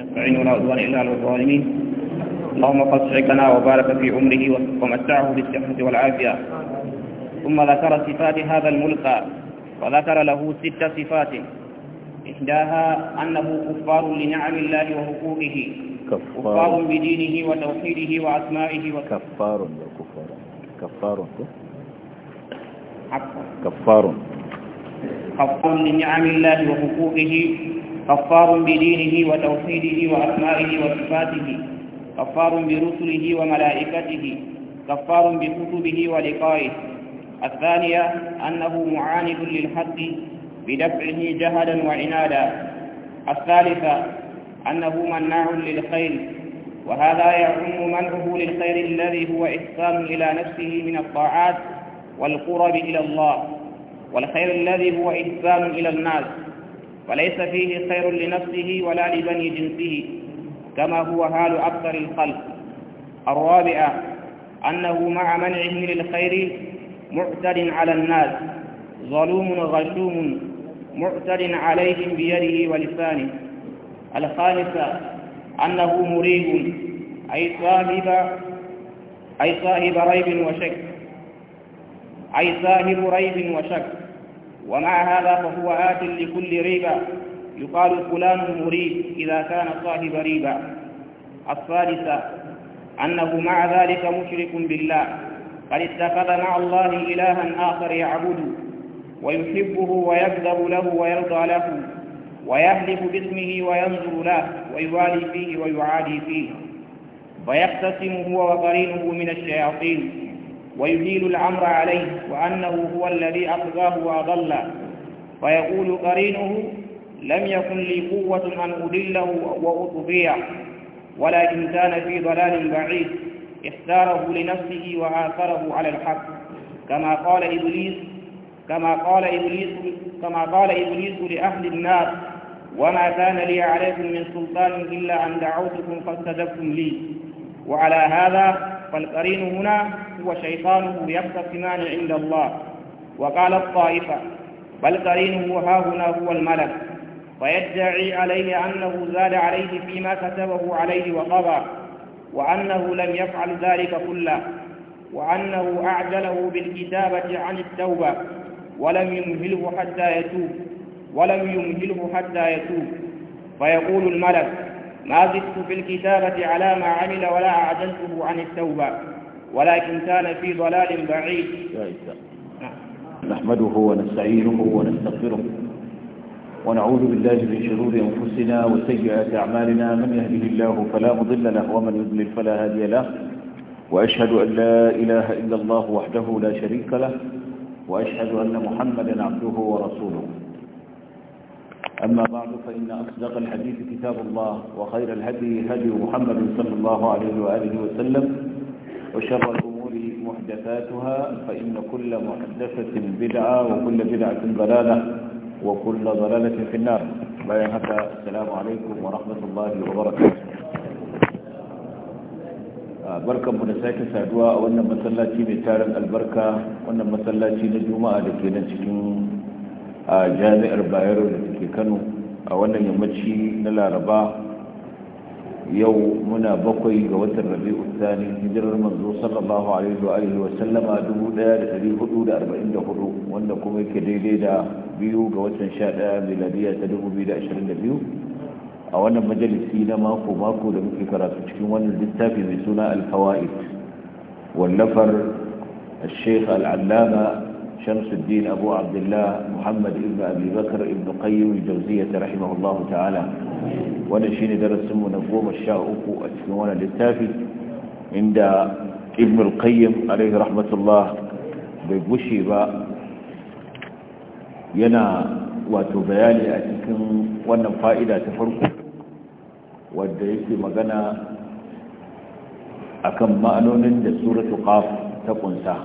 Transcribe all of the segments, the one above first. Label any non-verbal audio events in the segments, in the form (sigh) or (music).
نستعين ولا عدوان إلا على الظالمين اللهم قد لنا وبارك في عمره ومتعه بالصحة والعافية ثم ذكر صفات هذا الملقى وذكر له ست صفات إحداها أنه كفار لنعم الله وحقوقه كفار بدينه وتوحيده وأسمائه كفار يا كفار كفار كفار كفار لنعم الله وحقوقه كفار بدينه وتوحيده وأسمائه وصفاته كفار برسله وملائكته كفار بكتبه ولقائه الثانية أنه معاند للحق بدفعه جهلا وعنادا الثالثة أنه مناع للخير وهذا يعم منعه للخير الذي هو إحسان إلى نفسه من الطاعات والقرب إلى الله والخير الذي هو إحسان إلى الناس وليس فيه خير لنفسه ولا لبني جنسه كما هو حال أكثر الخلق الرابعة أنه مع منعه من الخير معتد على الناس ظلوم غشوم معتد عليهم بيده ولسانه الخامسة أنه مريب أي صاحب أي صاحب ريب وشك أي صاحب ريب وشك ومع هذا فهو آت لكل ريبة يقال فلان مريب إذا كان صاحب ريبة الثالثة أنه مع ذلك مشرك بالله قد اتخذ مع الله إلها آخر يعبده ويحبه ويكذب له ويرضى له ويهلف باسمه وينظر له ويوالي فيه ويعادي فيه ويقتسم هو وقرينه من الشياطين ويهيل الأمر عليه وأنه هو الذي أطغاه وأضله ويقول قرينه لم يكن لي قوة أن أدله وأطبيعه ولكن كان في ضلال بعيد اختاره لنفسه وآثره على الحق كما قال إبليس كما قال إبليس كما قال إبليس لأهل النار وما كان لي عليكم من سلطان إلا أن دعوتكم فاستجبتم لي وعلى هذا فالقرين هنا هو شيطانه يقتسمان عند الله وقال الطائفة بل هو ها هنا هو الملك فيدعي عليه أنه زاد عليه فيما كتبه عليه وقضى وأنه لم يفعل ذلك كله وأنه أعجله بالكتابة عن التوبة ولم يمهله حتى يتوب ولم يمهله حتى يتوب فيقول الملك ما زدت في الكتابة على ما عمل ولا أعدلته عن التوبة ولكن كان في ضلال بعيد نحمده ونستعينه ونستغفره ونعوذ بالله من شرور أنفسنا وسيئات أعمالنا من يهده الله فلا مضل له ومن يضلل فلا هادي له وأشهد أن لا إله إلا الله وحده لا شريك له وأشهد أن محمدا عبده ورسوله أما بعد فإن أصدق الحديث كتاب الله وخير الهدي هدي محمد صلى الله عليه وآله وسلم وشر الأمور محدثاتها فإن كل محدثة بدعة وكل بدعة ضلالة وكل ضلالة في النار لا السلام عليكم ورحمة الله وبركاته بركة من ساكة sake وأن مسلا wannan masallaci البركة وأن مسلا wannan masallaci لكي juma'a جامع ke ke kano a wannan yammaci na laraba yau muna bakwai ga watan rabi'u tsani hijirar manzo sallallahu alaihi wa alihi wa sallama 1444 wanda kuma yake daidai da biyu ga watan 11 miladiya ta 2022 a wannan majalisi na mako mako da muke karatu cikin wannan littafi mai suna al-fawaid wallafar الشيخ العلامة شمس الدين أبو عبد الله محمد بن أبي بكر بن قيم الجوزية رحمه الله تعالى ونشين درس من نقوم الشاؤك أتكون للتافي عند ابن القيم عليه رحمة الله ببشي با ينا وتبيالي أتكن وانا فائدة تفرق والدريس مغنى أكم مأنون لسورة قاف تقنساه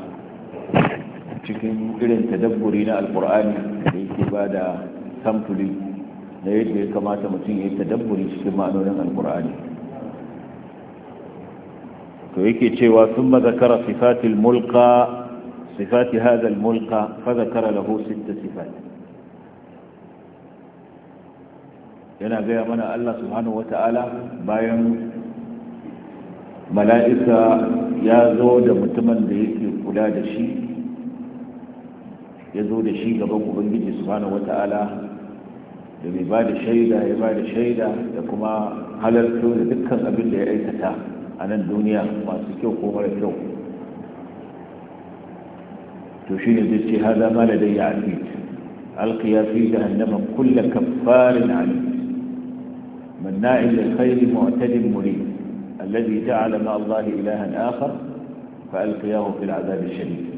cikin irin tadabburi na alkur'ani da yake ba da samfuri na yadda ya kamata mutum ya yi tadabburi cikin ma'anonin alkur'ani to yake cewa sun mazakara sifatil mulka sifati hazal mulka fazakara lahu sitta sifat? yana gaya mana Allah subhanahu wata'ala bayan mala'ika ya zo da mutumin da yake kula da shi ya zo da shi gaban ubangiji subhanahu wata'ala da mai ba da shaida ya ba da shaida da kuma halarto da dukkan abin da ya aikata a nan duniya masu kyau ko mara kyau to shi ne zai ce haza zama da dai ya alfit alkiya fi jahannama kulla kafarin kaffarin alim مناع للخير معتد مريب الذي جعل مع الله إلها آخر فألقياه في العذاب الشديد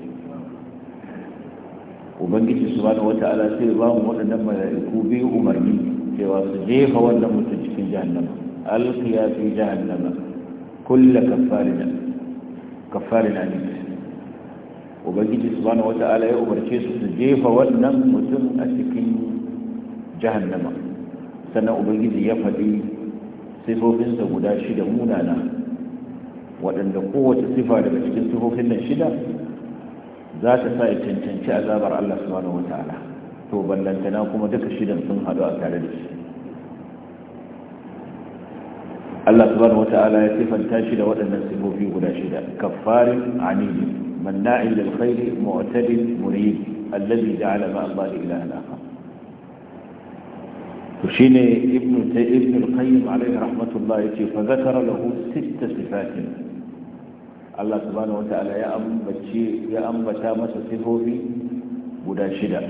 ubangiji subhanahu wata'ala sai ya bamu waɗannan mala'iku biyu umarni cewa su jefa wannan mutum cikin jahannama alqiya fi jahannama kullu kaffarin kaffarin alim ubangiji subhanahu wata'ala ya umarce su su jefa wannan mutum a cikin jahannama sannan ubangiji ya faɗi sifofinsa guda shida munana waɗanda kowace sifa daga cikin sifofin nan shida za ta sa ya cancanci azabar Allah subhanahu wata'ala to ballantana kuma duka shidan sun hadu a tare da shi Allah subhanahu wata'ala ya sifanta shi da waɗannan sifofi guda shida kaffarin anidi manna'in lil khairi mu'tadin murid alladhi ja'ala ma Allah ilaha akhar to shine ibnu tayyib ibn al-qayyim alayhi rahmatullah yace fa zakara lahu sitta sifatin Allah subhanahu ya ya ambata masa sifofi guda shida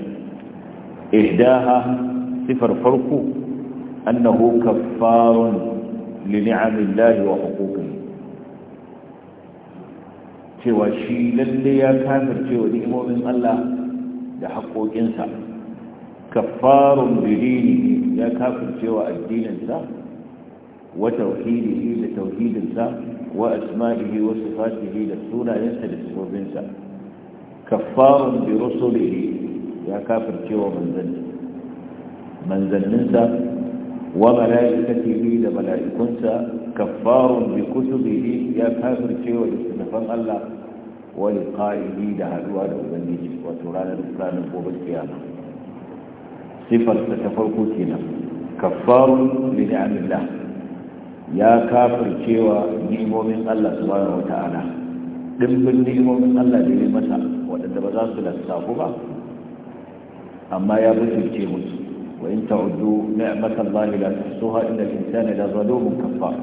ihdaha sifar farko annahu kaffarun li ni'amillahi wa huquqihi cewa shi lalle ya kafirce cewa ni'imomin Allah da haƙoƙinsa kaffarun bidini ya kafirce wa addininsa وتوحيده لتوحيد الله وأسمائه وصفاته للسنة ينسى للسنة كفار برسله يا كافر جوا منزل منزل ننسى وملائكته لملائكنسى كفار بكتبه يا كافر جوا لسنفان الله ولقائه لهدوى لأبنيه وترانا لفلان قوب القيامة صفة تتفرقتنا كفار لنعم الله ya kafircewa ni'imomin Allah subhanahu wata'ala dimbin ni'imomin Allah da ya masa waɗanda ba za su lissafu ba amma ya butulce musu wa in ta'uddu ni'matan Allah la tuhsuha inna al-insana la zalumun kaffar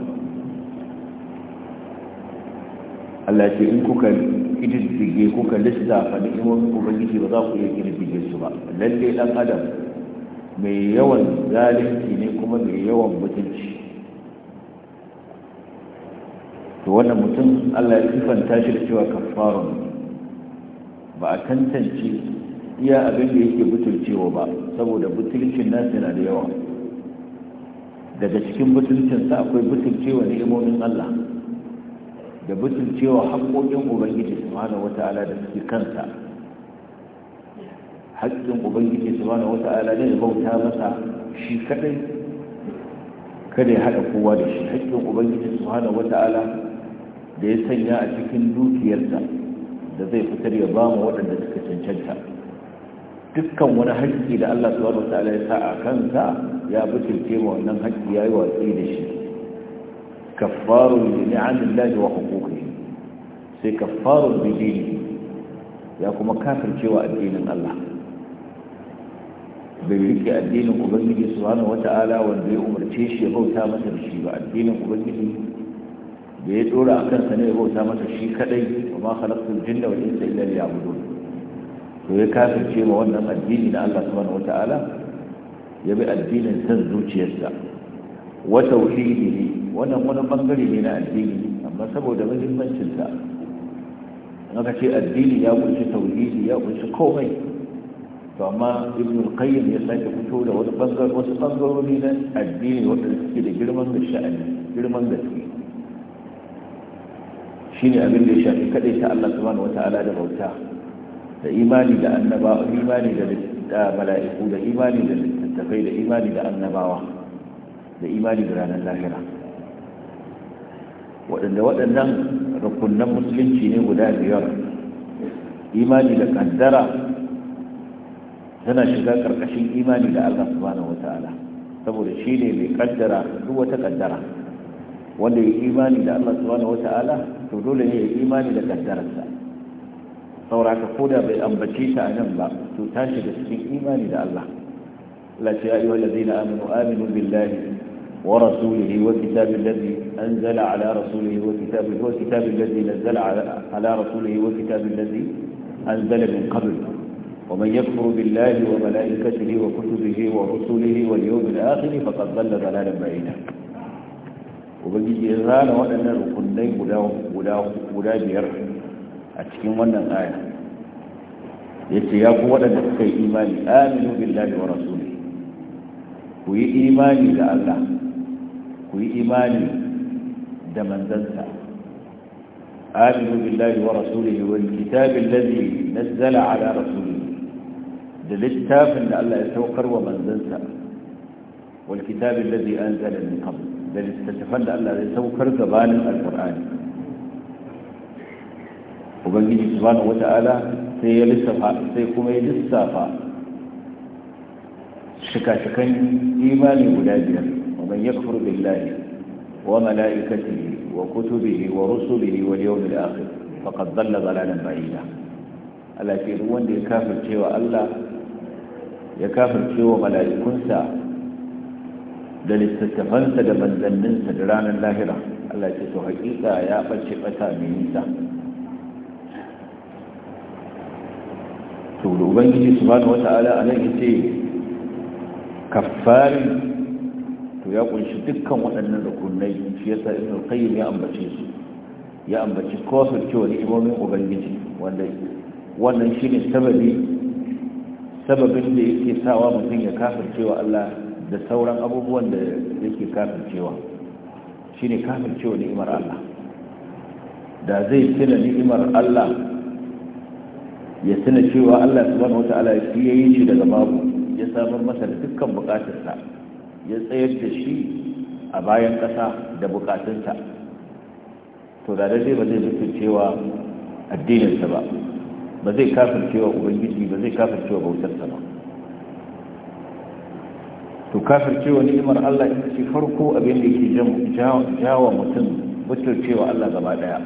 Allah ce in kuka kididdige kuka lissafa ni'imomin ubangiji ba za ku iya kididdige su ba lalle dan adam mai yawan zalunci ne kuma mai yawan mutunci to wanda mutum Allah ya sifanta shi da cewa kaffarun ba a tantance iya abin da yake butulcewa ba saboda butulcin nasu yana da yawa daga cikin butulcinsa akwai butulcewa ni'imomin Allah da butulcewa haƙoƙin ubangiji subhanahu wata'ala da suke kansa haƙƙin ubangiji subhanahu wata'ala ne bauta masa shi kadai kada ya haɗa kowa da shi haƙƙin ubangiji subhanahu wata'ala da ya sanya a cikin dukiyarsa da zai fitar ya ba mu waɗanda suka cancanta dukkan wani haƙƙi da Allah subhanahu wataala ya sa a kansa ya butulce ma wannan haƙƙi yayi watsi da shi kaffarun li ni'amillahi wa huquqihi sai kaffarun bi dini ya kuma kafircewa addinin Allah bai rike addinin ubangiji su wata wataala wanda ya umarce shi ya bauta masa da shi ba addinin ubangiji da ya dora a kansa ne ya bauta masa shi kadai wa ma khalaqtul jinna wal insa illa liya'budun to ya kafirce ma wannan addini na Allah subhanahu wata'ala ya bi addinin san zuciyarsa wa tauhidihi wannan wani bangare ne na addini amma saboda muhimmancin sa aka ce addini ya kunshi tauhidi ya kunshi komai to amma ibn al-qayyim ya sake fito da wasu bangarori na addini wanda suke da girman da sha'ani girman gaske Shi ne abin da ya shafi kadai ta Allah subhanahu wata'ala da bauta da imani da annabawa imani da mala'iku da imani da littattafai da imani da annabawa da imani da ranar lahira waɗanda waɗannan rukunan musulunci ne guda biyar imani da kaddara tana shiga ƙarƙashin imani da Allah subhanahu wata'ala saboda shi ne mai kaddara duk wata kaddara wanda ya imani da Allah subhanahu wata'ala to dole ne ya imani da kaddararsa sauraka ko da bai ambace ta a nan ba to tashi da cikin imani da Allah la ta yi wala zai na aminu aminu billahi wa rasulihi wa kitabin ladzi anzala ala rasulihi wa kitabi wa kitabin ladzi nazzala ala rasulihi wa kitabin ladzi anzala min qabl ومن يكفر بالله وملائكته وكتبه ورسله واليوم الآخر فقد ضل ضلالا بعيدا ubangiji ya zana waɗannan rukunai guda biyar a cikin wannan aya ya ce ya ku waɗanda suka yi imani aminu billahi wa rasuli ku yi imani da Allah ku yi imani da manzansa aminu billahi wa rasuli wa kitabin ladhi nazzala ala rasuli da littafin da Allah ya saukar wa manzansa wal kitabin ladhi anzala min qabl da littattafan da Allah zai saukar gabanin alkur'ani ubangiji subhanahu wata'ala sai ya lissafa sai kuma ya lissafa shika-shikan imani guda biyar ومن يكفر بالله وملائكته وكتبه ورسله واليوم الآخر فقد ضل ضلالا بعيدا التي هو أن يكافر شيء الله يكافر شيء وملائكنسا da littattafansa da manzanninsa da ranar lahira Allah ce to hakika ya ɓace ƙasa mai nisa to da ubangiji su bani wata'ala a nan yace kafari to ya kunshi dukkan waɗannan rukunai shi ya sa ibn qayyim ya ambace su ya ambaci kofar cewa ni'imomin ubangiji wanda wannan shine sababi sababin da yake sawa mutum ya cewa Allah da sauran abubuwan da yake kafircewa shine kafircewa ni'imar Allah da zai tuna ni'imar Allah ya tuna cewa Allah subhanahu wataala ya yi shi daga babu ya samar masa da dukkan bukatarsa ya tsayar da shi a bayan ƙasa da bukatunsa to da dai ba zai zuke cewa addininsa ba ba zai kafircewa ubangiji ba zai kafircewa bautarsa ba to kafircewa ni'imar Allah ita ce farko abin da yake jawa mutum butulcewa Allah gaba daya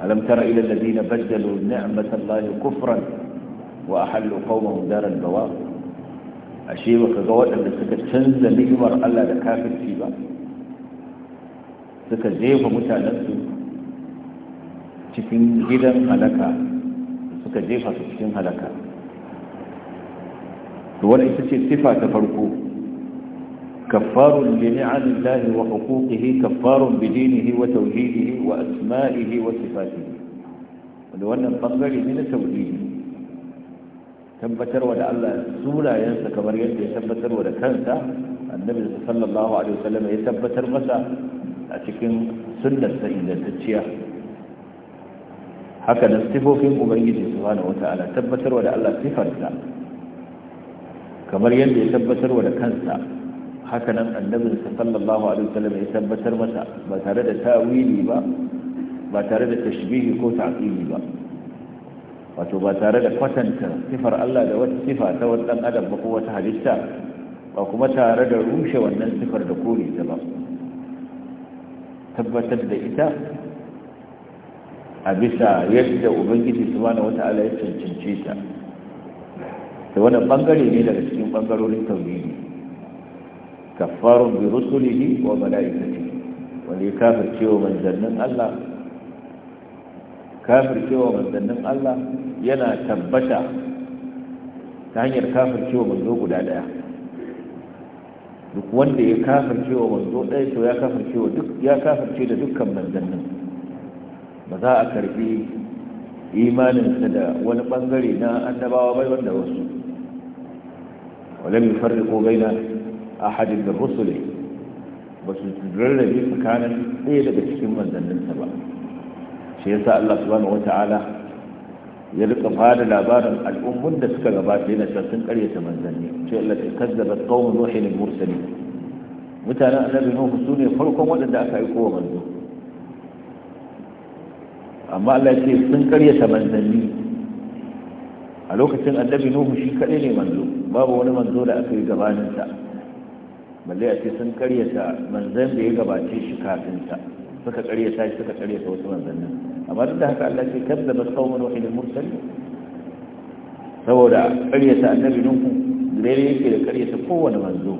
alam tara ila alladhina badalu ni'matallahi kufran wa ahallu qawmahum daral bawa ashe baka ga wadanda suka canza ni'imar Allah da kafirci ba suka jefa mutanen su cikin gidan halaka suka jefa su cikin halaka to wannan ita ce sifa ta farko كفار لنعم الله وحقوقه كفار بدينه وتوحيده وأسمائه وصفاته ولوانا الطنبر من توحيده tabbatar wa da Allah sunayensa kamar yadda ya tabbatar wa da kansa annabi sallallahu alaihi wasallam ya tabbatar masa a cikin sunnarsa ingantacciya haka da sifofin ubangiji subhanahu wataala tabbatar wa da Allah sifarsa kamar yadda ya tabbatar da kansa hakanan annabin sa sallallahu alaihi wasallam ya tabbatar masa ba tare da tawili ba ba tare da tashbihi ko ta'qili ba wato ba tare da kwatanta sifar Allah da wata sifa ta wani dan adam ba ko wata halitta ba kuma tare da rushe wannan sifar da kore ta ba tabbatar da ita a bisa yadda ubangiji subhanahu wata'ala ya cancance ta wani bangare ne daga cikin bangarorin tauhidi kafarun bi rusulihi wa mala'ikatihi wani ya cewa manzannin Allah cewa manzannin Allah yana tabbata ta hanyar cewa manzo guda daya duk wanda ya cewa manzo daya to ya kafircewa duk ya kafirce da dukkan manzannin ba za a karbi imaninsa da wani bangare na annabawa bai wanda wasu ولم يفرقوا بين أحد من الرسل بس رلبي فكان إيه لك تكون من ذنبت بقى شيء يسأل الله سبحانه وتعالى يلقى هذا الأبار الأم من دسك غبات لنا شرطين قرية من ذنبي شيء التي كذبت قوم نوح المرسلين متانا النبي نوح سوني فرقم ودن دعك أيقوة من ذنبي amma Allah ce sun karyata manzanni a lokacin annabi nuhu shi kaɗai ne manzo babu wani manzo da aka yi gabaninsa balle a sun karyata manzan da ya gabace shi kafin sa suka karyata shi suka karyata wasu manzannin amma duk da haka Allah ce kadda ba sauman wahidin mursali saboda karyata annabi nuhu dare yake da karyata kowane manzo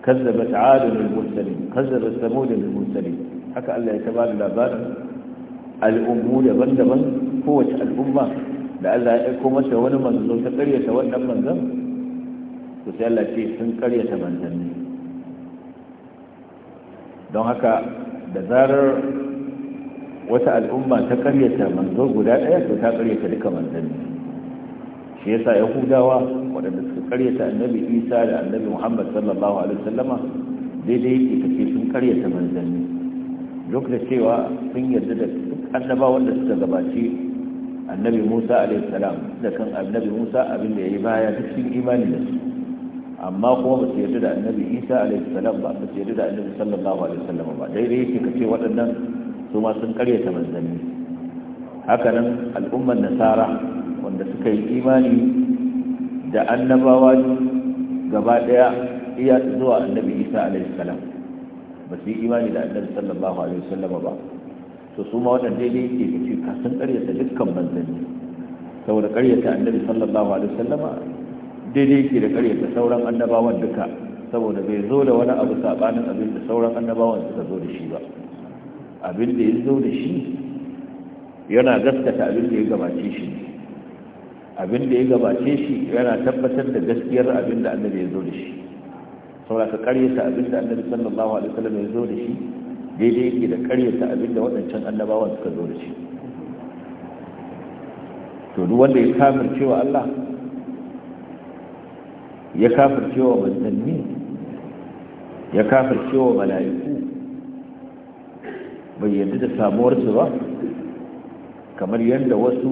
kazzabat adun al-mursalin kazzabat samud al-mursalin haka Allah ya tabada labarin al'ummu daban-daban kowace al'umma da Allah ya aiko mata wani manzo ta karyata wannan manzon to sai Allah ce sun karyata manzanni don haka da zarar wata al'umma ta karyata manzo guda ɗaya to ta karya ta duka manzanni shi yasa yahudawa waɗanda suka karya ta annabi isa da annabi muhammad sallallahu alaihi wasallama daidai yake kace sun karyata manzanni duk da cewa sun yarda da duk annaba wanda suka gabaci annabi musa alaihi salam da kan annabi musa abin da ya yi baya duk sun imani da su amma kuma ba su yarda da annabi isa alaihi salam ba ba su yarda da annabi sallallahu alaihi salam ba daidai yake ka ce waɗannan su ma sun karyata manzanni haka nan al'ummar nasara wanda suka yi imani da annabawa gaba ɗaya iya zuwa annabi isa alaihi salam ba su yi imani da annabi sallallahu alaihi salam ba to su ma waɗanda daidai yake ka ce ka sun karyata dukkan manzanni saboda karyata annabi sallallahu alaihi salam. daidai yake da karyata sauran annabawan duka saboda bai zo da wani abu sabanin abin da sauran annabawan suka zo da shi ba abin da ya zo da shi yana gaskata abin da ya gabace shi abin da ya gabace shi yana tabbatar da gaskiyar abin da annabi ya zo da shi saboda ka karyata abin da annabi sallallahu alaihi wasallam ya zo da shi daidai yake da karyata abin da waɗancan annabawan suka zo da shi to duk wanda ya kafirce wa Allah ya kafircewa musulmi ya kafircewa mala'iku bai yadda da samuwarsu ba kamar yadda wasu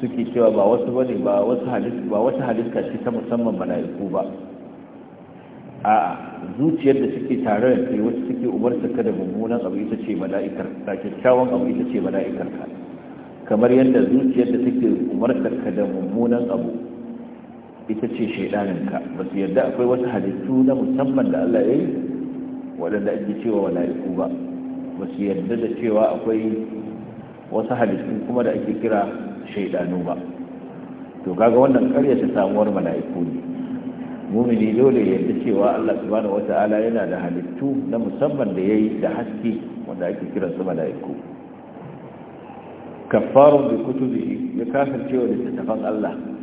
suke cewa ba wasu bane ba wasu halitta ba wasu halitta ce ta musamman mala'iku ba a zuciyar da suke tare da kai wasu suke umarta kada mummunan abu ita ce mala'ikar ka kyakkyawan abu ita ce mala'ikar ka kamar yadda zuciyar da take umarta kada da mummunan abu ita ce shaidaninka ba su yadda akwai wasu halittu na musamman da Allah ya yi waɗanda ake cewa wala'iku ba ba su yadda da cewa akwai wasu halittu kuma da ake kira shaidanu ba to kaga wannan karya ta samuwar mala'iku ne mumini dole ya cewa Allah subhanahu wata'ala yana da halittu na musamman da ya yi da haske wanda ake kiran su mala'iku kaffarun bi kutubihi ya da littattafan Allah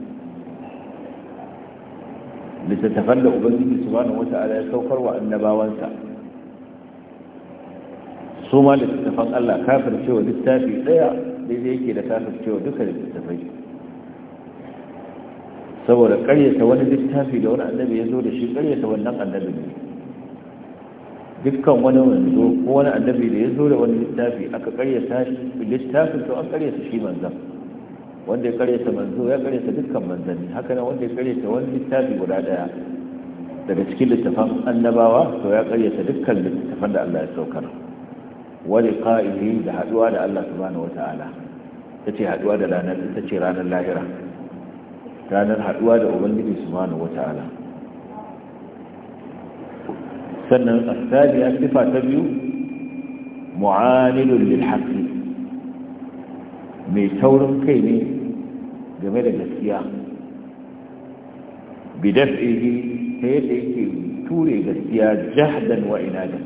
littattafan da ubangiji subhanahu wata'ala ya saukar wa annabawansa su ma littattafan Allah kafin cewa littafi daya daidai yake da kafin cewa duka da littattafai saboda karyata wani littafi da wani annabi ya zo da shi karyata wannan annabi ne dukkan wani wanzo ko wani annabi da ya zo da wani littafi aka karyata littafin to an karyata shi manzan wanda ya karyata manzo ya karyata dukkan manzanni haka nan wanda ya ta wani littafi guda daya daga cikin littafan annabawa to ya ta dukkan littafan da Allah ya saukar Wani liqa'ihi da haduwa da Allah subhanahu wata'ala tace haduwa da ranar tace ranar lahira ranar haduwa da ubangiji subhanahu wata'ala sannan as-sabi'a sifa ta biyu mu'anilun lil haqqi mai taurin kai ne game da gaskiya bidaf'ihi ta yadda yake ture gaskiya jahdan wa inadan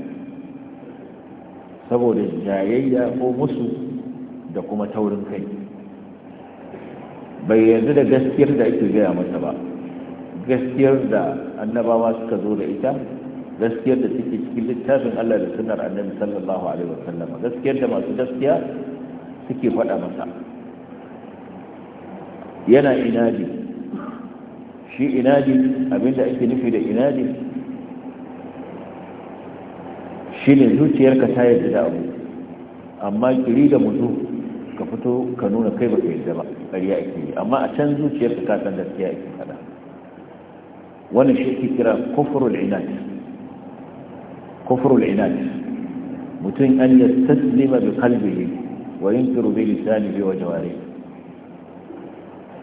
saboda jayayya ko musu da kuma taurin kai bai yanzu da gaskiyar da ake gaya masa ba gaskiyar da annabawa suka zo da ita gaskiyar da take cikin littafin Allah da sunar annabi sallallahu alaihi wasallam gaskiyar da masu gaskiya suke faɗa masa yana inadi shi inadi abinda ake nufi da inadi shi ne zuciyarka ta yadda da abu amma kiri da mutu ka fito ka nuna kai baka yadda ba ƙarya ake yi amma a can zuciyarka ka san gaskiya ake faɗa wani shi ke kira kufrul inadi kufrul inadi mutum an yastaslima bi qalbihi wa yunkiru bi lisanihi wa jawarihi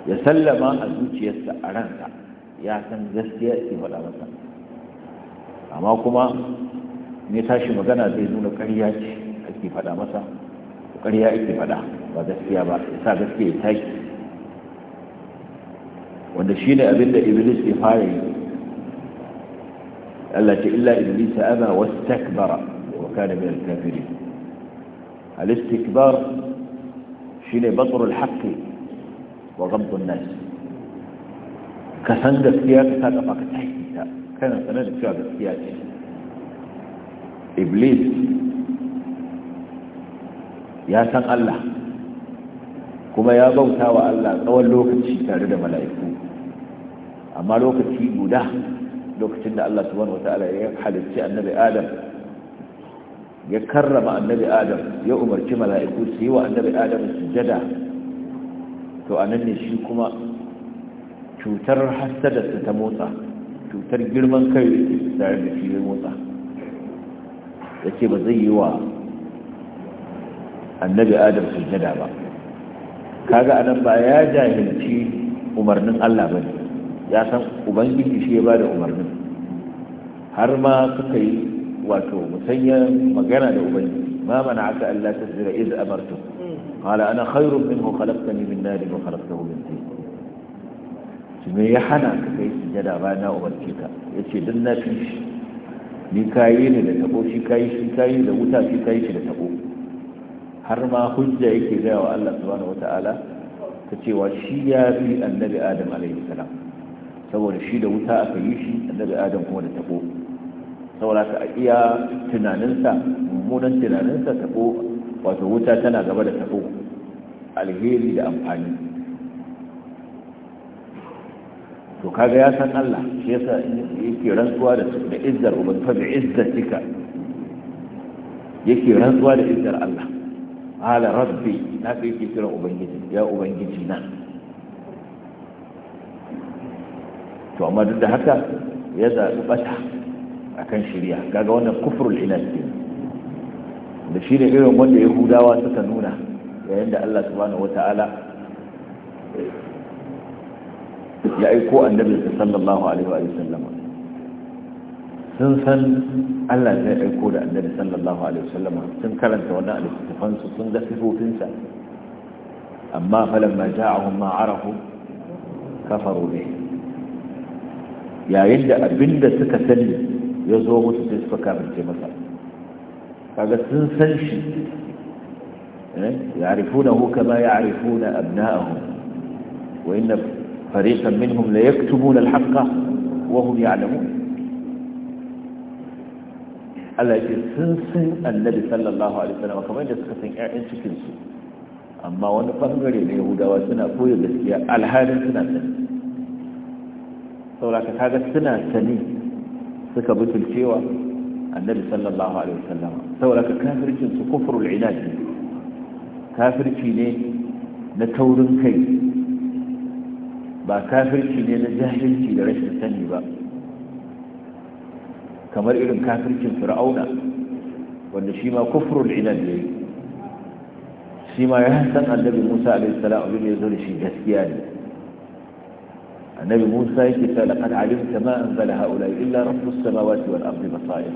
ya sallama a zuciyarsa a ransa ya san gaskiya ke faɗa masa amma kuma ne tashi magana zai nuna ƙarya ce ake faɗa masa ƙarya ake faɗa ba gaskiya ba ya sa gaskiya ya wanda shi ne abin da ya fara yi Allah ce illa iblis aba wastakbara wa kana min al-kafirin al-istikbar shine batrul haqqi wa ghamdun nas ka san gaskiya ka sa kafa ka taiki ta kana sanar da cewa gaskiya ce iblis ya san Allah kuma ya bauta wa Allah tsawon lokaci tare da mala'iku amma lokaci guda lokacin da Allah subhanahu wata'ala ya halicci annabi Adam ya karrama annabi adam ya umarci mala'iku su yi wa annabi adam sujada to anan ne shi kuma cutar hasadarsa ta motsa cutar girman kai tare da shi ya motsa ya ce ba zai yi wa annabi adam sujada ba kaga anan ba ya jahilci umarnin Allah ba ya san ubangiji shi ya ba da umarnin har ma suka yi wato musanyar magana da ubangiji ma mana aka Allah ta zira iz amartu qala ana khairun minhu khalaqtani min nar wa khalaqtahu min tin shi ya hana ka kai sujada ba na umarce ka yace dan na fi ni kayi ne da tabo shi kayi shi kayi da wuta shi kayi shi da tabo har ma hujja yake gaya wa Allah subhanahu wataala ta cewa shi ya fi annabi Adam alaihi salam saboda shi da wuta aka yi shi annabi Adam kuma da tabo saboda ka a iya tunaninsa mummunan tunaninsa tabo wato wuta tana gaba da tabo alheri da amfani to kaga ya san Allah shi yasa yake rantsuwa da su da izzar uban fa bi izzatika yake rantsuwa da izzar Allah ala rabbi na kai yake kira ubangiji ya ubangiji na to amma duk da haka ya zaɓi bata akan shirya gaga wannan kufrul inad da shi ne irin wanda yahudawa suka nuna yayin da Allah subhanahu wa ta'ala ya aiko annabi sallallahu alaihi wa sallam sun san Allah zai aiko da annabi sallallahu alaihi wa sallam sun karanta wannan alƙur'an su sun ga sifofinsa amma falamma ja'ahum ma arafu kafaru bihi yayin da abinda suka sani ya zo musu sai suka kafirce masa kaga sun san shi يعرفونه كما يعرفون أبناءهم وإن فريقا منهم ليكتمون الحق وهم يعلمون التي سنسن النبي صلى الله عليه وسلم كما إن سكسن إعين شكنسو أما وانا فهمري اليهودا وسنا فوي بسكيا الحال سنا سنة سولاك هذا سنة سنين suka mutuncewa annabi sallallahu alaihi wasallam saboda ka kafircin su kufrul ilaj kafirci ne na taurin kai ba kafirci ne na jahilci da rashin sani ba kamar irin kafircin fir'auna wanda shi ma kufrul ilaj ne shi ma ya san annabi Musa alaihi salam abin da ya zo da shi gaskiya ne annabi musa yake ta laqad alimta ma anzala haula illa rabbus samawati wal ardi basair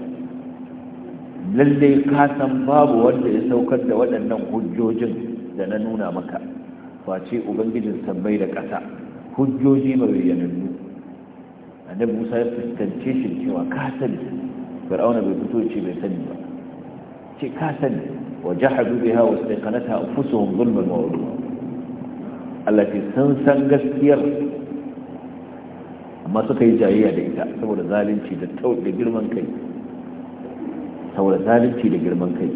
lalle ka san babu wanda ya saukar da waɗannan hujjojin da na nuna maka face ubangijin sabbai da ƙasa hujjoji mabayyanannu annabi musa ya fuskance shi cewa ka sani fir'auna bai fito ce bai sani ba ce ka sani wa jahadu biha wa staqanata anfusuhum zulman wa Allah ce san san gaskiyar amma suka yi jayayya da ita saboda zalunci da da girman kai saboda zalunci da girman kai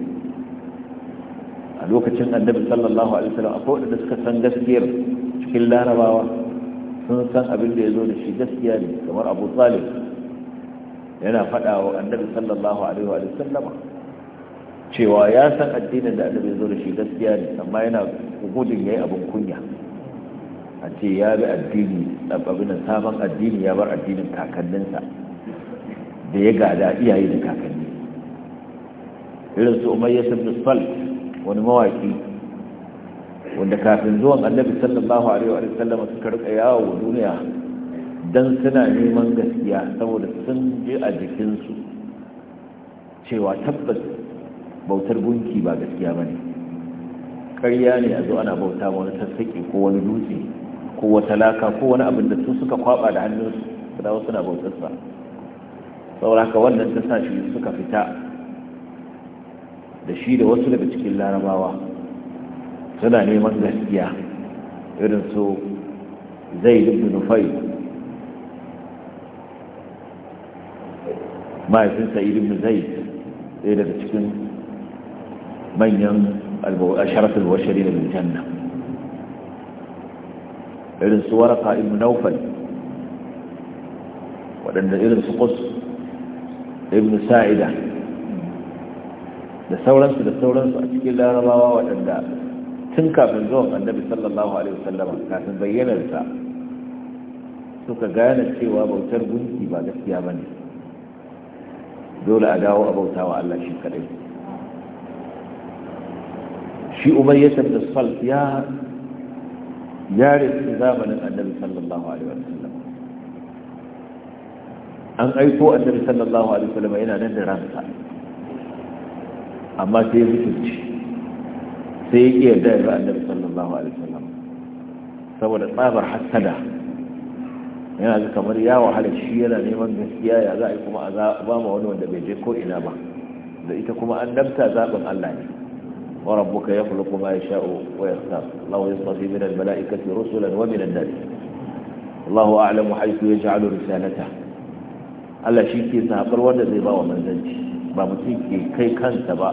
a lokacin annabi sallallahu alaihi wasallam akwai wanda suka san gaskiyar cikin larabawa sun san abin da ya zo da shi gaskiya ne kamar abu talib yana faɗa wa annabi sallallahu alaihi wa sallama cewa ya san addinin da annabi ya zo da shi gaskiya ne amma yana gudun yayi abin kunya a ce ya bi addini abin da sabon addini ya bar addinin kakanninsa da ya gada iyaye da kakanni irin su Umar yasir Nusfal wani mawaki wanda kafin zuwan annabi sallallahu alaihi wa sallam suka rika yawo duniya don suna neman gaskiya saboda sun ji a jikinsu cewa tabbas bautar gunki ba gaskiya ba ne karya ne a zo ana bauta wani sassaƙi ko wani dutse ko wata laka ko wani abin da su suka kwaba da hannunsu su dawo suna bautarsa sauraka wannan ta sa shi suka fita da shi da wasu daga cikin larabawa suna neman gaskiya irin su zai ibn nufai mahaifinsa ibn zai ɗaya daga cikin manyan asharafin washari da janna irin su waraka ibn naufal waɗanda irin su ibn sa'ida da sauransu da sauransu a cikin larabawa waɗanda tun kafin zuwan annabi sallallahu alaihi wasallam kafin bayyanarsa suka gane cewa bautar gunki ba gaskiya ba ne dole a dawo a bauta wa Allah shi kaɗai shi tafi da salt ya ya rinsu zamanin annabi sallallahu alaihi wa sallam an aiko annabi sallallahu alaihi wa sallam yana nan da ransa amma sai ya mutunci sai ya iya da yarda annabi sallallahu alaihi wa sallam saboda tsabar hassada yana ga kamar ya wahala shi yana neman gaskiya ya za a yi kuma a ba ma wani wanda bai je ko ina ba da ita kuma annabta zaɓin Allah ne وربك يخلق ما يشاء ويختار الله يصطفي من الملائكة رسلا ومن الناس الله أعلم حيث يجعل رسالته Allah shi ke zaɓar wanda zai ba a manzanci ba mutum ke kai kansa ba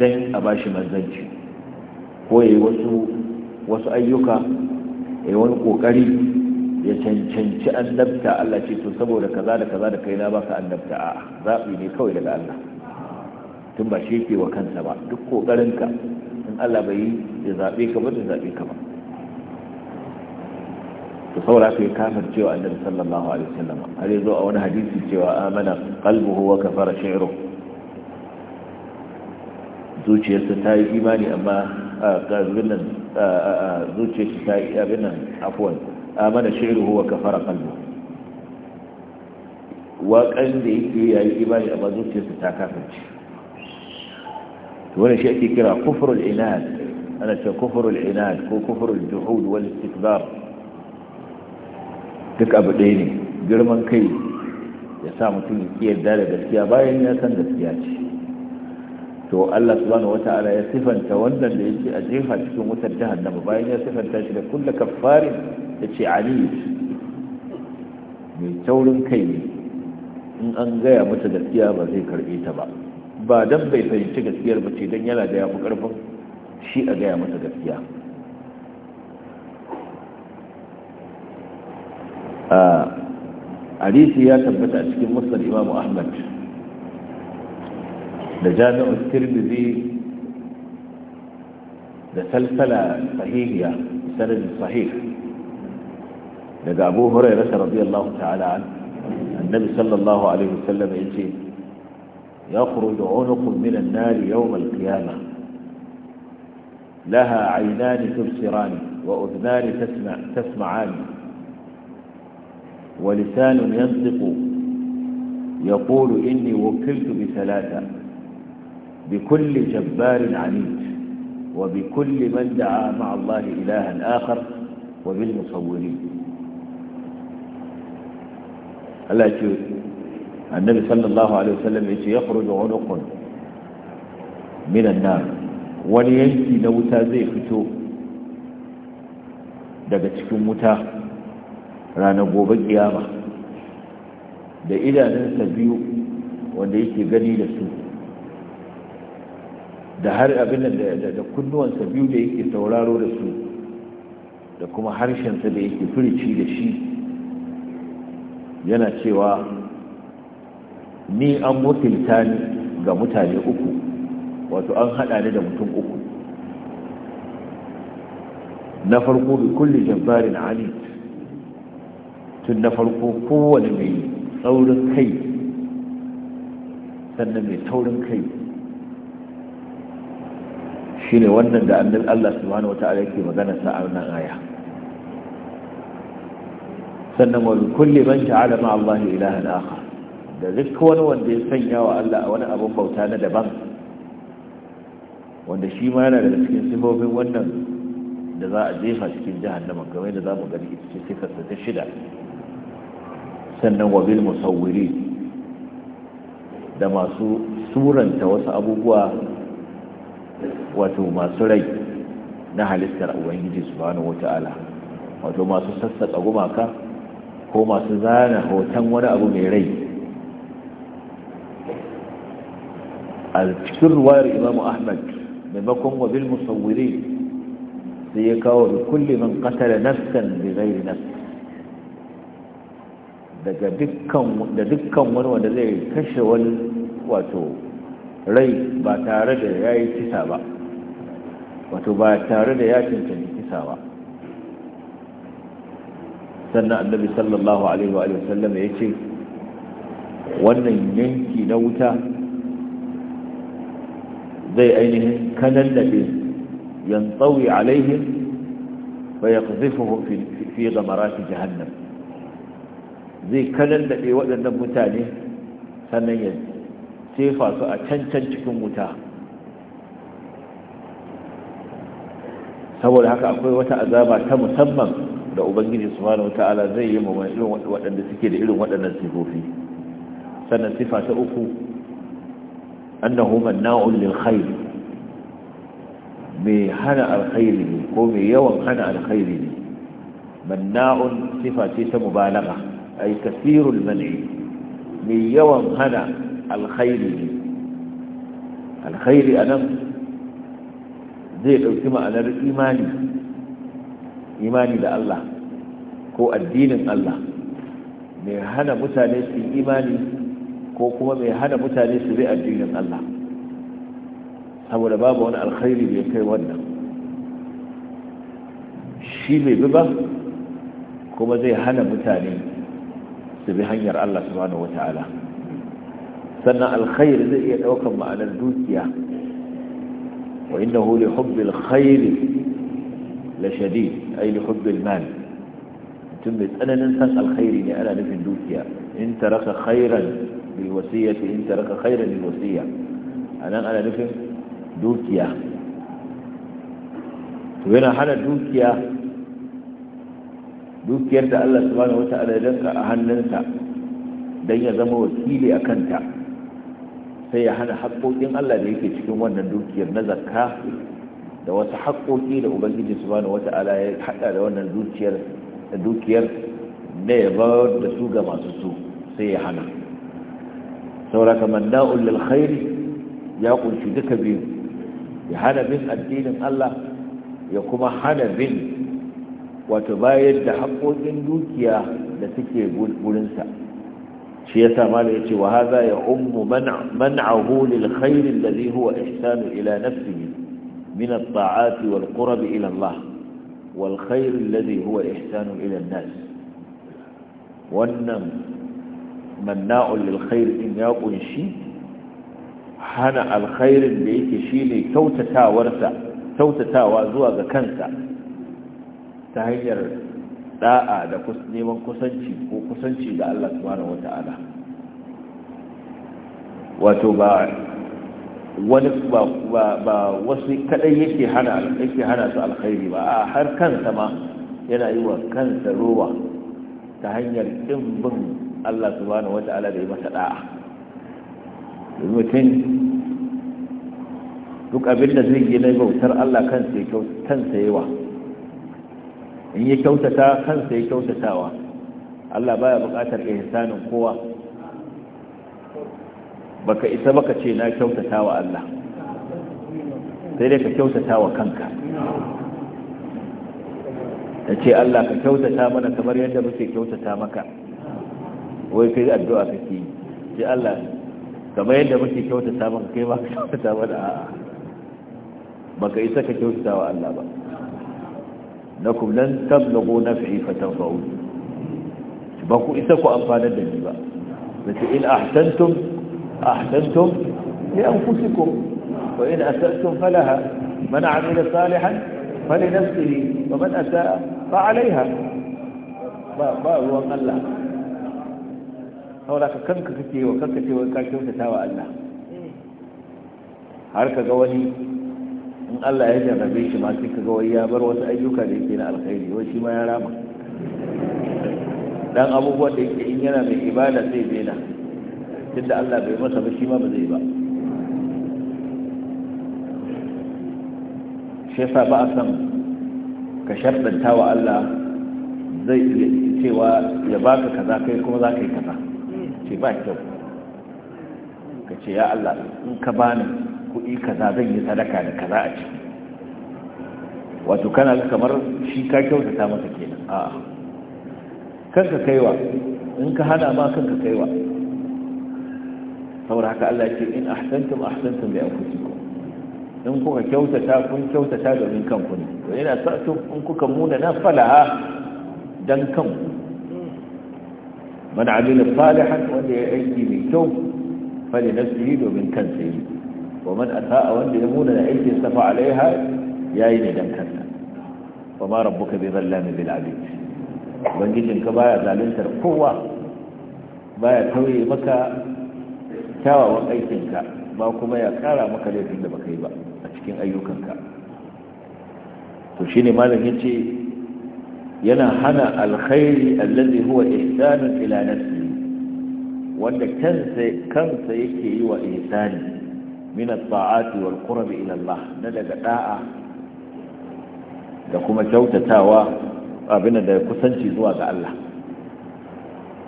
don a ba manzanci ko ya yi wasu ayyuka ya yi wani ƙoƙari ya cancanci annabta Allah ce to saboda kaza da kaza da kai na baka annabta a zaɓi ne kawai daga Allah mutum ba shi yake wa kansa ba duk ƙoƙarinka in Allah bai yi da zaɓe ka ba da zaɓe ka ba to saboda ka yi kafir cewa annabi sallallahu alaihi wasallam har yazo a wani hadisi cewa amana qalbuhu wa kafara shi'ru zuciyarsa ta yi imani amma ƙarfin nan zuciyarsa ta yi abin nan afwan amana shi'ruhu wa kafara qalbuhu waƙan da yake yayi imani amma zuciyarsa ta kafirce to shi ake kira kufrul inad ana cewa kufrul inad ko kufrul juhud wal istikbar duk abu ɗaya ne girman kai ya sa mutum ya yarda da gaskiya bayan ya san gaskiya ce to Allah subhanahu wata'ala ya sifanta wannan da yake a jefa cikin wutar jahannama bayan ya sifanta shi da kullu kaffarin yace ali mai taurin kai ne in an gaya mata gaskiya ba zai karbe ta ba ba dan bai fahimci gaskiyar ba ce dan yana da yafi karfin shi a gaya masa gaskiya hadisi ya tabbata a cikin musnad imam ahmad da jami'ul tirmidhi da salsala sahihiya sanadin sahih daga abu hurairah radiyallahu ta'ala annabi sallallahu alaihi wasallam yace يخرج عنق من النار يوم القيامة لها عينان تبصران وأذنان تسمع تسمعان ولسان ينطق يقول إني وكلت بثلاثة بكل جبار عنيد وبكل من دعا مع الله إلها آخر وبالمصورين التي annabi sallallahu alaihi wasallam ya ce ya furu da wani minan na. wani yanki na wuta zai fito daga cikin wuta ranar gobe kiyama da idanunsa biyu wanda yake gani da su da har abin da kunnuwansa biyu da yake sauraro da su da kuma harshensa da yake furici da shi yana cewa ni an mutunta ni ga mutane uku wato an haɗa ni da mutum uku na farko bi kulli jabbarin ali tun na farko kowane mai tsaurin kai sannan mai taurin kai shi ne wannan da annabi Allah subhanahu wataala yake magana sa a wannan aya sannan wa kulli man ja'ala ma Allah ilahan akhar da duk wani wanda ya sanya wa Allah wani abin bauta na daban wanda shi ma yana daga cikin sifofin wannan da za a jefa cikin jahannama game da za mu gani ita ce sifarsa ta shida sannan wabil musawwiri da masu suranta wasu abubuwa wato masu rai na halittar ubangiji subhanahu wata'ala wato masu sassaƙa gumaka ko masu zana hoton wani abu mai rai a cikin ruwayar imamu ahmad maimakon wa bil musawwiri sai ya kawo da kulli man qatala nafsan bi ghairi daga dukkan da dukkan wani wanda zai kashe wani wato rai ba tare da yayi kisa ba wato ba tare da ya cancanci kisa ba sannan annabi sallallahu alaihi wa sallam ya ce wannan yanki na wuta zai ainihin kanallabe yantsawi alaihim bai ya kuzifuhu fi gamarati jahannam zai kanallabe waɗannan mutane sannan ya cefa su a cancan cikin wuta saboda haka akwai wata azaba ta musamman da ubangiji subhanahu wata'ala zai yi ma waɗanda suke da irin waɗannan sifofi sannan sifa ta uku annahu manna'un lil khair mai hana alkhairi ne ko mai yawan hana alkhairi ne manna'un sifa ce ta mubalagha ay kasirul man'i mai yawan hana alkhairi ne alkhairi anan zai ɗauki ma'anar imani imani da Allah ko addinin Allah mai hana mutane su imani ko kuma mai hana mutane su bi addinin Allah saboda babu wani alkhairi da ya kai wannan shi bai bi ba kuma zai hana mutane su bi hanyar Allah subhanahu wata'ala sannan alkhairi zai iya ɗaukar ma'anar dukiya wa innahu huli hubbil khair la shadi? ay hubbil mal tun mai tsananin san alkhairi ne ana nufin dukiya in taraka khairan bil wasiyati in taraka khairan lil wasiya anan ana nufin dukiya to yana hana dukiya dukiyar da Allah subhanahu wata'ala ya danka a hannunsa dan ya zama wakili a kanta sai ya hana haƙoƙin Allah da yake cikin wannan dukiyar na zakka da wasu haƙoƙi da ubangiji subhanahu wata'ala ya haɗa da wannan dukiyar dukiyar ne ya ba da su ga masu su sai ya hana sauraka manna'un lil khairi ya kunshi duka biyu ya hana bin addinin Allah ya kuma hana bin wato bayar da haƙoƙin dukiya da suke gurinsa shi ya sa mala ya ce wa haza ya ummu man'ahu lil khairi allazi huwa ihsanu ila nafsihi min at-ta'ati wal qurb ila Allah wal khair allazi huwa ihsanu ila an-nas wannan manna'ul lil khair din ya kunshi hana alkhairin da yake shine kyautatawarsa kautatawa zuwa ga kansa ta hanyar da'a da neman kusanci ko kusanci ga Allah subhanahu wata'ala wato ba wani ba wasu kadai yake hana yake hana su alkhairi ba a har kansa ma yana yi wa kansa rowa ta hanyar ƙin bin Allah subhanahu wata'ala da yi masa da'a mutum duk abin da zai yi na bautar Allah kansa yawa in yi kyautata kansa ya kyautatawa Allah baya buƙatar ihsanin kowa baka isa baka ce na kyautatawa Allah sai dai ka kyautatawa kanka ta ce Allah ka kyautata mana kamar yadda muke kyautata maka wai kai addu'a kake yi sai Allah kamar yadda muke kyautata maka kai ba kyauta kyautata ba da a'a baka isa ka kyauta wa Allah ba na nakum lan tablughu naf'i fatanfa'un ba ku isa ku amfana da ni ba nace in ahsantum ahsantum li anfusikum wa in asatum falaha man 'amila salihan falinafsihi wa man asaa fa 'alayha ba ba ruwan Allah saboda ka kanka kake wa kanka cewa ka kyautata wa Allah har ka ga wani in Allah ya jarrabe shi ma sai ka ga wai ya bar wasu ayyuka da yake na alkhairi wai shi ma ya rama dan abubuwan da yake in yana mai ibada zai daina tunda Allah bai masa ba shi ma ba zai ba shi yasa ba a san ka shaddanta wa Allah zai iya cewa ya baka kaza kai kuma za ka yi kaza ba kyau ka ce ya Allah in ka bani kuɗi kaza zan yi sadaka da kaza a ciki wato kana kamar shi ka kyautata masa kenan a'a kanka kaiwa in ka hana ma kanka kaiwa saboda haka Allah ya ce in ahsantum ahsantum li anfusikum in kuka kyautata kun kyautata domin kanku ne to yana sa in kuka muna na falaha dan kanku man amila salihan wanda ya aiki mai kyau fali nafsihi domin kan yi wa man asaa wanda ya muna da aikin safa alaiha yayi ne dan kansa wa ma rabbuka bi zallamin bil abid ubangijinka baya zaluntar kowa baya tauye maka kyawawan aikinka ba kuma ya kara maka laifin da baka yi ba a cikin ayyukanka to shine malamin ce yana hana alkhairi allazi huwa ihsanun ila nafsi wanda kansa kansa yake yi wa ihsani min at-ta'ati wal qurbi ila Allah na daga da'a da kuma kyautatawa abin da kusanci zuwa ga Allah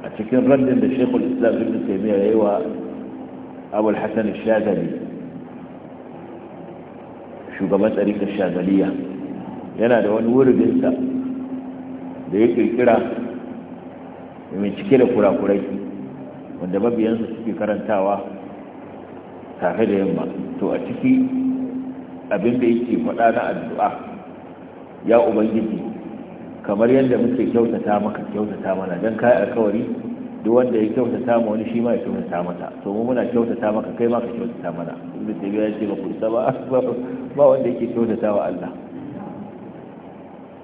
a cikin raddin da Sheikhul Islam Ibn Taymiyyah yayi wa Abu al-Hasan al shugaban tsarikar shagaliya yana da wani wurin sa da ya kirkira mai cike da kurakurai wanda mabiyansu suke karantawa tare da yamma to a ciki abin da yake faɗa na addu'a ya ubangiji kamar yadda muke kyautata maka kyautata mana don kai alkawari duk wanda ya kyautata ma wani shi ma ya kyautata mata to mu muna kyautata maka kai ma ka kyautata mana inda taymiya ya ce ba ku ba ba wanda yake kyautata wa Allah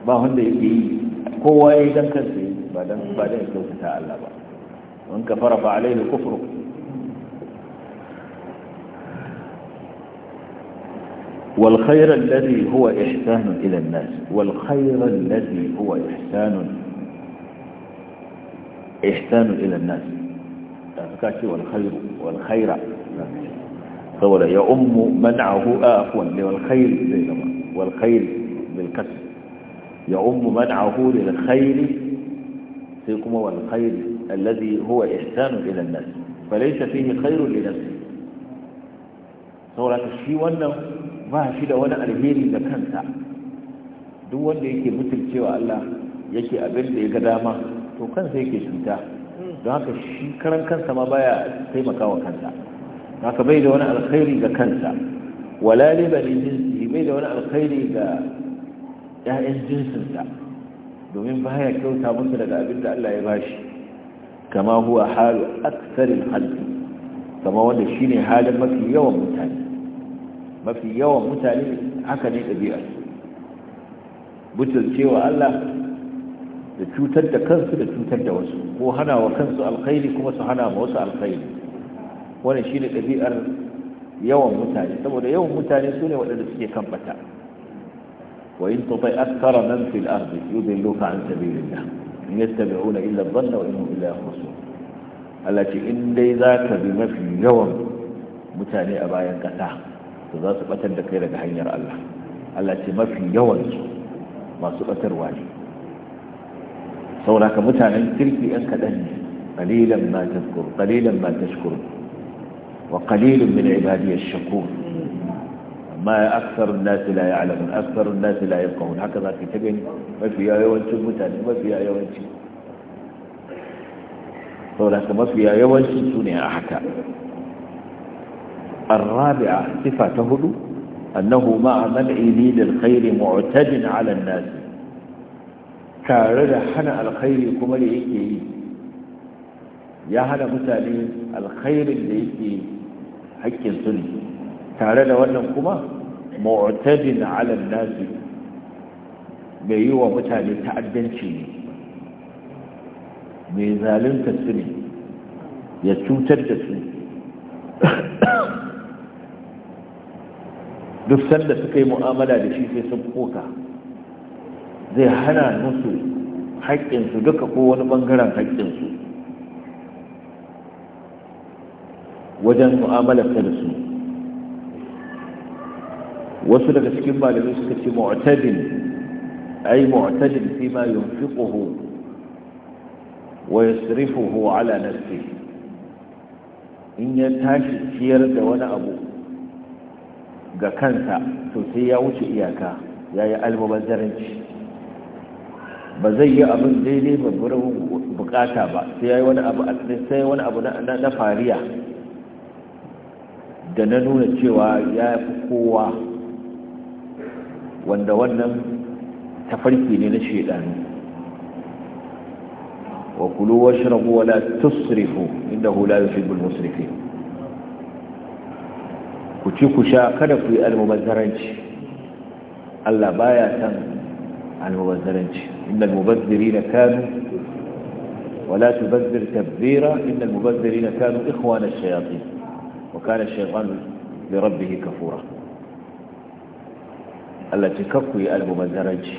ba wanda yake yi kowa ya yi dan kansa yi ba dan ba dan kyautata Allah ba wan kafara fa alaihi kufru wal khayr alladhi huwa ihsan ila an-nas wal khayr alladhi huwa ihsan ihsan ila an-nas ka ce wal khayr wal khayra saboda ya ummu man'ahu afwan wal khayr zai zama wal khayr bil kasr ya ummu man'ahu lil khairi sai kuma wal khairi alladhi huwa ihsanu ila an-nas falaysa fihi khairun li nafsi saboda shi wannan ba shi da wani alheri da kansa duk wanda yake mutuncewa Allah yake abinda ya ga dama to kansa yake cuta don haka shi karan kansa ma baya taimakawa kansa haka bai da wani alkhairi ga kansa wala bani jinsi bai da wani alkhairi ga ‘ya'yan jinsinsa domin ba ya kyauta musu daga abin da Allah ya bashi kama huwa halu aksarin halittu kama wanda shi ne halin mafi yawan mutane mafi yawan mutane haka ne ɗabi'ar butulcewa Allah da cutar da kansu da cutar da wasu ko hana wa kansu alkhairi kuma su hana ma wasu alkhairi wannan shi ne ɗabi'ar yawan mutane saboda yawan mutane su ne waɗanda suke kan bata وإن تطع أكثر من في الأرض يضلوك عن سبيل الله إن يتبعون إلا الظن وإنهم إلا يخرصون التي إن دي ذاك بما في اليوم متاني أبايا كتا فذا سبتن دكيرة يرى الله التي ما في يوم ما سبتر واجي سوراك متاني تلك دني قليلا ما تذكر قليلا ما تشكر وقليل من عبادي الشكور ma aksar nasi la ya'lamun aksar nasi la yafqahun haka zaka ta gani mafi yawancin mutane mafi yawanci saboda ka mafi yawanci su ne a haka الرابعة صفة هدو أنه مع منعه للخير معتد على الناس كارد حنع الخير كما لإيكي يا هنا مثالي الخير اللي إيكي حق سنه tare da wannan kuma mu'tadin alal nasi bai yi wa mutane ta'addanci ne mai zalunta su ne ya cutar da su duk sanda suka yi mu'amala da shi sai sun koka zai hana musu haƙƙinsu duka ko wani ɓangaren haƙƙinsu wajen mu'amalarsa da su wasu daga cikin malamai suka ce mu'tadil ay mu'tadil fi ma yunfiquhu wa yasrifuhu ala nafsihi in ya tashi ciyar da wani abu ga kansa to sai ya wuce iyaka ya yi almubazzaranci ba zai yi abin daidai babbar bukata ba sai ya yi wani abu sai wani abu na fariya da na nuna cewa ya fi kowa wanda wannan tafarki ne na shaidanu wa kulu washrabu wala tusrifu innahu la yuhibbul musrifin ku ci ku sha kada ku yi almubazzaranci Allah baya san almubazzaranci innal mubazzirina kanu ولا تبذر تبذيرا إن المبذرين كانوا إخوان الشياطين وكان الشيطان لربه كفورا Allah ce kakku yi almubazzaranci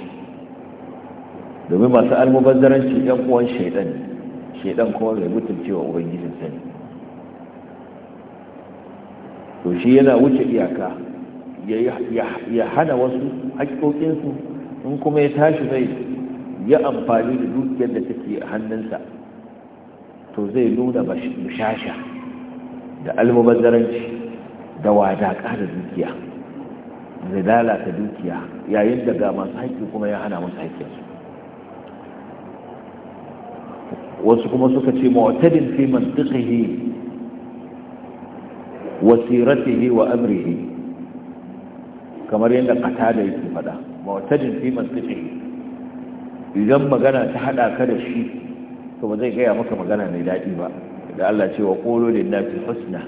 domin masu almubazzaranci yan uwan shaidan shaidan kuma mai mutuncewa ubangijin sani to shi yana wuce iyaka ya hana wasu haƙƙoƙinsu in kuma ya tashi zai ya amfani da dukiyar da take hannunsa to zai nuna mushasha da almubazzaranci da wadaƙa da dukiya da lalata dukiya yayin da ga masu haƙƙi kuma ya hana musu haƙƙinsu wasu kuma suka ce mu'tadin fi mantiqihi wa siratihi wa amrihi kamar yadda qatada yake faɗa. fada mu'tadin fi mantiqihi idan magana ta haɗa ka da shi to ba zai gaya maka magana mai daɗi ba da Allah ce wa qulu lin-nasi husna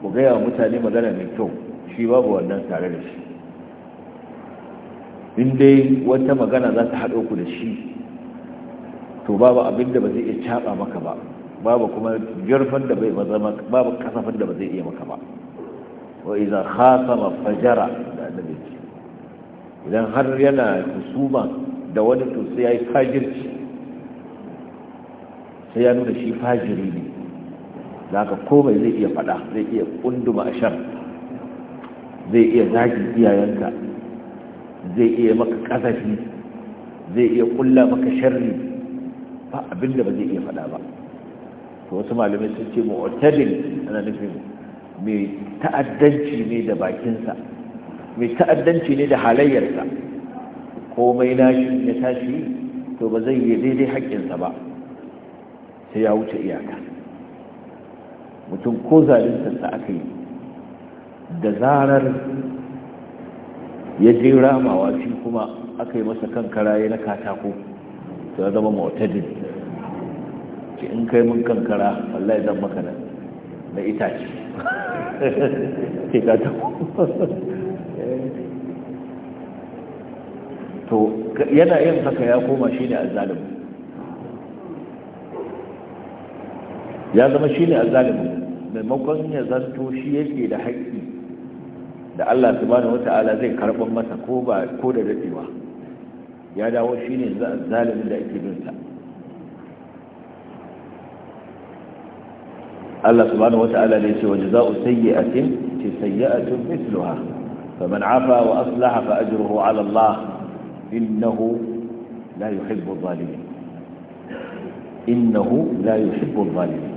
ku gaya wa mutane magana mai kyau shi babu wannan tare da shi in dai wata magana za ta haɗo ku da shi to babu abin da ba zai iya caɓa maka ba babu kuma jirfan da bai zama babu kasafin da ba zai iya maka ba wa idan ma fajara da annabi idan har yana kusuma da wani to sai yayi fajirci sai ya nuna shi fajiri ne da haka komai zai iya faɗa zai iya ƙunduma a shar zai iya zagin iyayenka zai iya maka ƙazafi zai iya ƙulla maka sharri ba abinda ba zai iya faɗa ba to wasu malamai sun ce mu'tadil ana nufin mai ta'addanci ne da bakinsa mai ta'addanci ne da halayyarsa komai nashi ya tashi to ba zai yi daidai haƙƙinsa ba sai ya wuce iyaka mutum ko zaluntarsa aka yi da zarar ya je ramawa shi kuma aka yi masa kan karaye na katako su ya zama mawatadin ke in kai mun kankara wallahi zan maka na na itace (laughs) ke katako (laughs) to yana yin haka ya koma shi ne azalim ya zama shi ne azalim maimakon ya zanto shi yake da haƙƙi da Allah subhanahu wata'ala zai karban masa ko ba ko da dadewa ya dawo shine zalimin da ake bin Allah subhanahu wata'ala ne ce wajza'u sayyi'atin ce sayyi'atun mithluha faman 'afa wa aslaha fa ajruhu 'ala Allah innahu la yuhibbu adh-dhalimin innahu la yuhibbu adh-dhalimin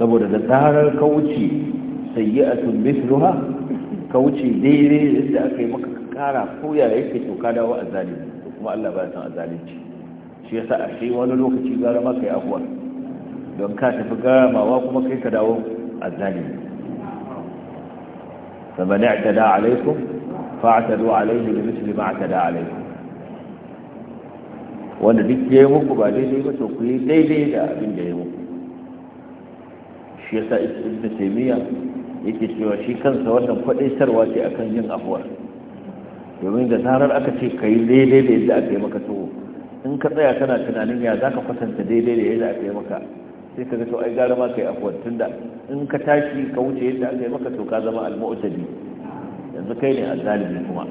saboda da zarar ka wuce sayyi'atun mithluha ka wuce daidai da aka yi maka kara ko ya yake to ka dawo a zalimi kuma Allah ba san a zalunci shi yasa a shi wani lokaci gara ma kai abuwa don ka tafi gamawa kuma kai ka dawo a zalimi فمن اعتدى عليكم فاعتدوا عليه بمثل ما اعتدى عليكم wanda duk ya yi muku ba daidai ba to ku yi daidai da abin da ya yi muku shi yasa ibn taymiya yake cewa shi kansa wannan kwadaitarwa ce akan yin afuwa domin da zarar aka ce ka yi daidai da yadda aka yi maka to in ka tsaya kana tunanin ya za ka kwatanta daidai da yadda aka yi maka sai ka ga ai gara ma ka yi tun da in ka tashi ka wuce yadda aka yi maka to ka zama al yanzu kai ne azzalimi kuma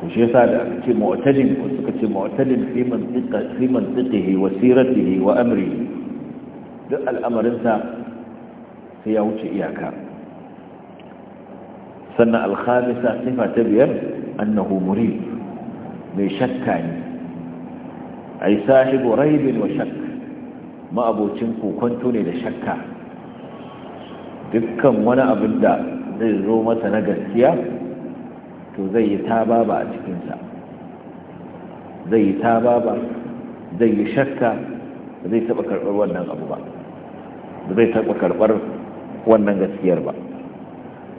to shi yasa da aka ce mu'tadin ko suka ce mu'tadin fi mantiqa fi mantiqihi wa siratihi wa amri duk al'amarin al'amarinsa sai ya wuce iyaka sannan alhamisa sifa ta biyar annahu murid mai shakka ne ai sahibu raibin wa shakka ma'abocin kokonto ne da shakka dukkan wani abin da zai zo masa na gaskiya to zai yi tababa a cikinsa zai yi tababa zai yi shakka zai taɓa karɓar wannan abu ba zai taɓa karɓar wannan gaskiyar ba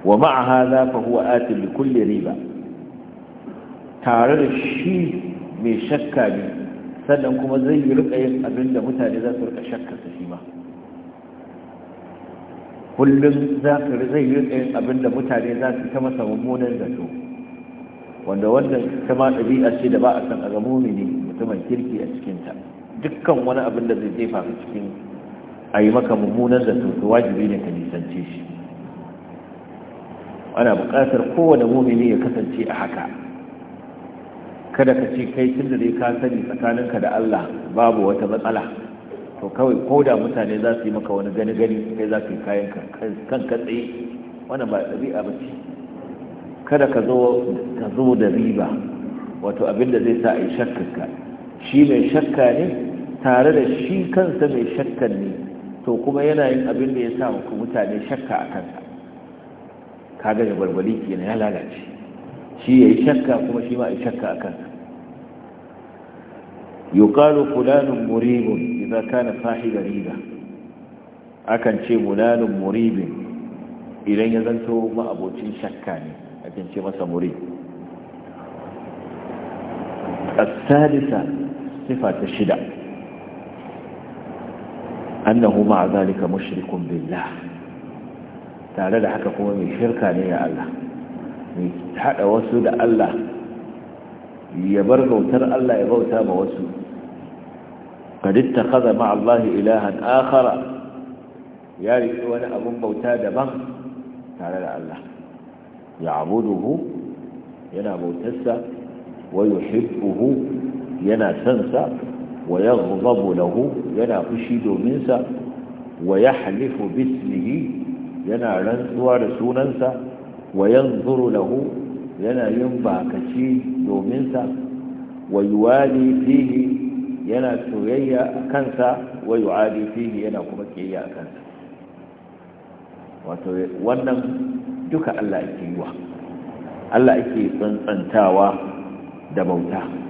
wa ma'a za fa huwa atin li kulli riba tare da shi mai shakka ne sannan kuma zai yi rika yin abin da mutane za su rika shakka su shi ma kullum zai yi rika yin abin da mutane za su kama masa mummunan zato wanda wannan kama ɗabi'a ce da ba a san a ga mumini mutumin kirki a cikinta dukkan wani abin da zai jefa cikin a yi maka mummunan zato to wajibi ne ka nisance shi ana bukatar kowane mumini ya kasance a haka kada ka ce kai tun da dai ka sani tsakaninka da Allah babu wata matsala to kawai ko da mutane za su yi maka wani gani gani kai za su yi kayan kan katse wani ba ɗabi'a ba ce kada ka zo da riba wato abin da zai sa a yi shakka shi mai shakka ne tare da shi kansa mai shakka ne to kuma yana yin abin da ya sa muku mutane shakka a kansa kaga da barbari na ya lalace shi ya yi shakka kuma shi ma ya shakka a kansa yukalu fulanun muribin idan kana sahiba riba akan ce fulanun muribin idan ya zanto ma'abocin shakka ne akan ce masa muri. A sadisa sifa ta shida annahu ma'a zalika mushrikun billah tare da haka kuma mai shirka ne ya Allah mai hada wasu da Allah ya bar bautar Allah ya bauta ma wasu kad ittakhadha ma'a Allah ilahan akhara ya riki wani abun bauta daban tare da Allah ya yana bautarsa wa yuhibbuhu yana sa. wa yaghdabu lahu yana fushi domin sa wa halifu bismihi yana rantsuwa da sunansa wa yanzuru lahu yana yin bakaci domin sa wa yuwali fihi yana soyayya a kansa wa yu'adi fihi yana kuma kiyayya a kansa wato wannan duka Allah ake yi wa Allah ake tsantsantawa da bauta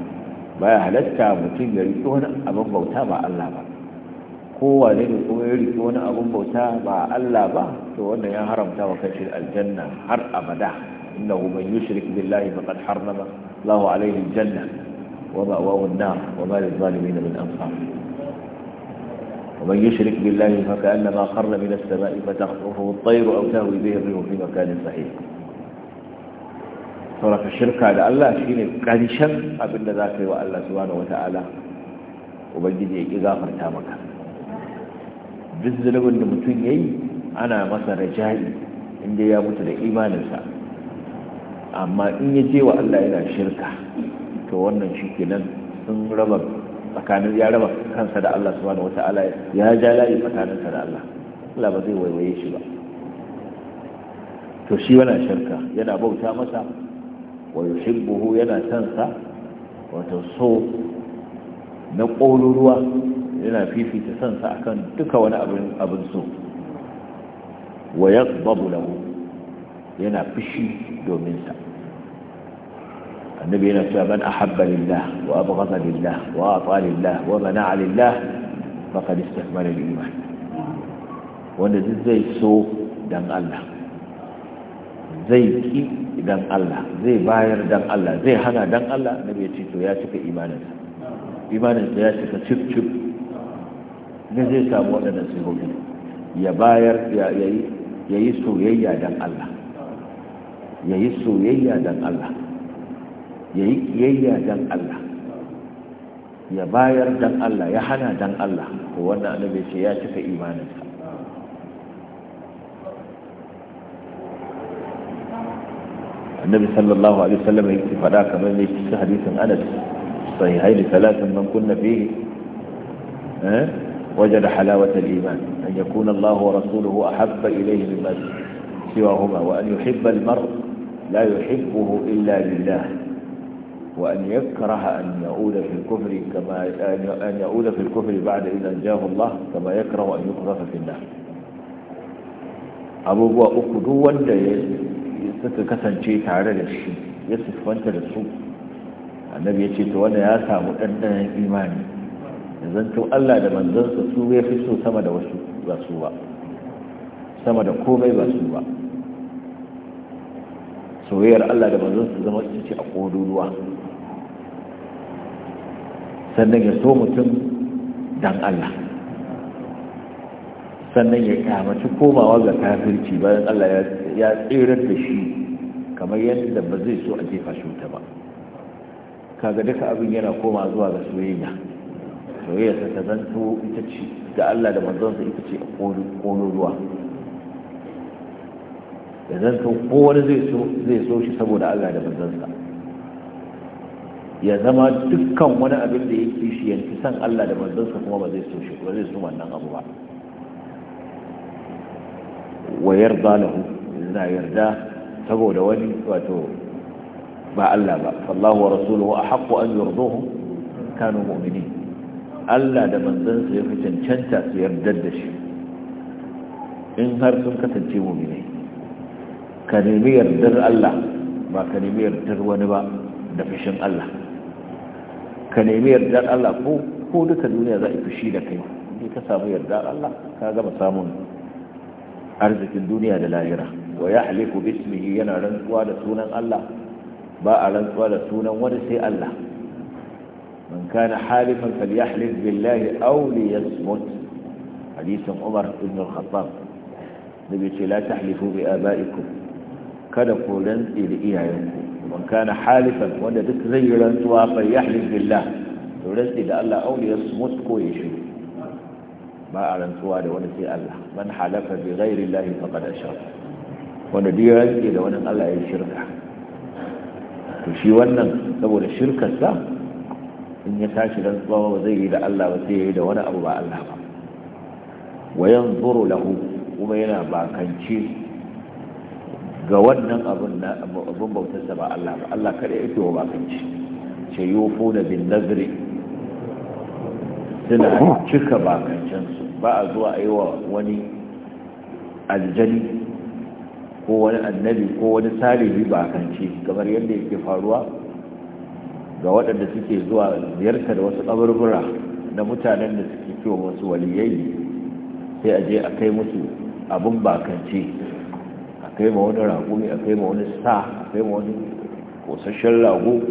baya halatta mutum ya riƙe wani abin bauta ba Allah ba kowane ne kuma ya riƙe wani abin bauta ba Allah ba to wannan ya haramta wa kashi aljanna har abada innahu man yushrik billahi faqad harrama Allahu alaihi aljanna wa ma'wahu wa nar wa ma lil-zalimin min ansar ومن يشرك بالله فكأنما خر من السماء فتخطفه الطير أو تهوي به الريح في مكان صحيح sauraka shirka da Allah shine karshen abin da za ka yi wa Allah subhanahu wata'ala ubangiji ya ƙi zafarta maka duk zulubin da mutum ya yi ana masa rajayi inda ya mutu da imaninsa amma in ya je wa Allah yana shirka to wannan shi nan sun raba tsakanin ya raba kansa da Allah wata wata'ala ya ja layi tsakaninsa da Allah Allah ba zai waiwaye shi ba to shi yana shirka yana bauta masa wani buhu yana sansa wata so na ƙoruruwa yana fifita sansa akan duka wani abin so waya babu lahu yana fishi dominsa annabi yana cewa man ahabba lillah wa abu gaza lillah wa atwa lillah wa mana a lillah baka listafmanin liman wanda zai so dan allah zai ki dan Allah zai bayar dan Allah zai hana dan Allah na bai ce to ya cika imaninsa imaninsa ya cika cip-cip ne zai samu su sihohi ya bayar ya yi soyayya dan Allah ya yi soyayya dan Allah ya yi kiyayya dan Allah ya bayar dan Allah ya hana dan Allah ko wannan bai ce ya cika imaninsa النبي صلى الله عليه وسلم يكتب فلا كما يكتب حديث أنس صحيحين ثلاثا من كنا فيه وجد حلاوة الإيمان أن يكون الله ورسوله أحب إليه مما سواهما وأن يحب المرء لا يحبه إلا لله وأن يكره أن يعود في الكفر كما أن يعود في الكفر بعد ان أنجاه الله كما يكره أن يقذف في النار abubuwa uku duk wanda ya suka kasance tare da shi ya siffanta da su annabi ya ce to wanda ya samu ɗanɗanon imani da zanto Allah da manzansa su ya fi so sama da wasu ba su ba sama da komai ba su ba soyayyar Allah da manzansa zama su ce a ƙoduruwa sannan ya so mutum dan Allah sannan ya kamaci komawa ga kafirci bayan Allah ya tsirar da shi kamar yadda ba zai so a jefa shi wuta ba kaga duka abin yana koma zuwa ga soyayya soyayya ta ta zanto ita ce da Allah da manzonsa ita ce a ƙono ruwa da zanto kowane zai so shi saboda Allah da manzonsa ya zama dukkan wani abin da ya kishi yanki san Allah da manzonsa kuma ba zai so shi ba zai so wannan abu ba wa yarda lahu yana yarda saboda wani wato ba Allah ba fallahu wa rasuluhu a haƙƙo an yurduhu kanu mu'minin Allah da manzansa ya fi cancanta su yarda da shi in har sun kasance mu'mini ka nemi yardar Allah ba ka nemi yardar wani ba da fushin Allah ka nemi yardar Allah ko duka duniya za a fushi da kai ne ka samu yardar Allah ka gama samun arzikin duniya da lahira wa ya halifu bismihi yana rantsuwa da sunan Allah ba a rantsuwa da sunan wani sai Allah man kana halifan falyahlif billahi aw liyasmut hadisin Umar ibn al-Khattab nabi ce la tahlifu bi abaikum kada ku rantsi da iyayenku man kana halifan wanda duk zai rantsuwa falyahlif billah to rantsi da Allah aw liyasmut ko ya shiru ba a rantsuwa da wani sai Allah man halafa bi ghairi Allah faqad ashar wanda duk rantsi da wani Allah ya shirka to shi wannan saboda shirkar sa in ya tashi rantsuwa ba zai yi da Allah ba sai ya yi da wani abu ba Allah ba wa yanzuru lahu kuma yana bakance ga wannan abun na abun bautarsa ba Allah ba Allah kada ya yi wa bakance ce yufuna bin nazri suna cika bakancansu ba a zuwa a yi wa wani aljani ko wani annabi ko wani salihi bakanci kamar yadda yake faruwa ga waɗanda suke zuwa ziyartar wasu ƙaburbura na mutanen da suke kiwo wasu waliyai sai a je a kai musu abin bakanci a kai ma wani raƙumi a kai ma wani sa a kai ma wani kosasshen rago